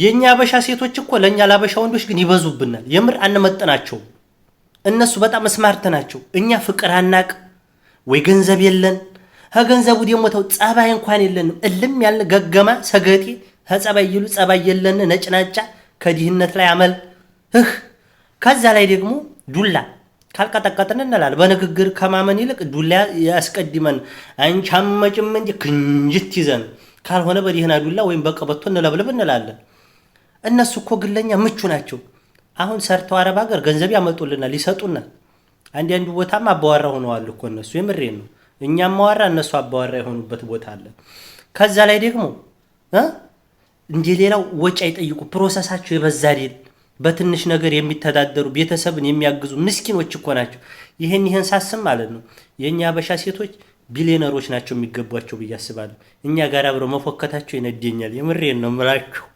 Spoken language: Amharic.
የእኛ አበሻ ሴቶች እኮ ለእኛ ላበሻ ወንዶች ግን ይበዙብናል። የምር አንመጥናቸው እነሱ በጣም ስማርት ናቸው። እኛ ፍቅር አናቅ ወይ ገንዘብ የለን። ከገንዘቡ ደግሞ ተው ጸባይ እንኳን የለንም። እልም ያለ ገገማ ሰገጤ ከጸባይ ይሉ ጸባይ የለን። ነጭናጫ ከድህነት ላይ አመል እህ ከዛ ላይ ደግሞ ዱላ ካልቀጠቀጥን እንላል። በንግግር ከማመን ይልቅ ዱላ ያስቀድመን። አንቺ አመጭም እንጂ ክንጅት ይዘን ካልሆነ በዲህና ዱላ ወይም በቀበቶ እንለብልብ እንላለን። እነሱ እኮ ግለኛ ምቹ ናቸው። አሁን ሰርተው አረብ ሀገር ገንዘብ ያመጡልናል፣ ይሰጡናል። አንዳንዱ ቦታም አባዋራ ሆነዋል እኮ እነሱ። የምሬን ነው። እኛም ማዋራ እነሱ አባዋራ የሆኑበት ቦታ አለ። ከዛ ላይ ደግሞ እንዲህ ሌላው ወጪ አይጠይቁ። ፕሮሰሳቸው የበዛ ሌል በትንሽ ነገር የሚተዳደሩ ቤተሰብን የሚያግዙ ምስኪኖች እኮ ናቸው። ይህን ይህን ሳስብ ማለት ነው የእኛ አበሻ ሴቶች ቢሊዮነሮች ናቸው የሚገቧቸው ብዬ አስባለሁ። እኛ ጋር አብረው መፎከታቸው ይነደኛል። የምሬን ነው ምላችሁ።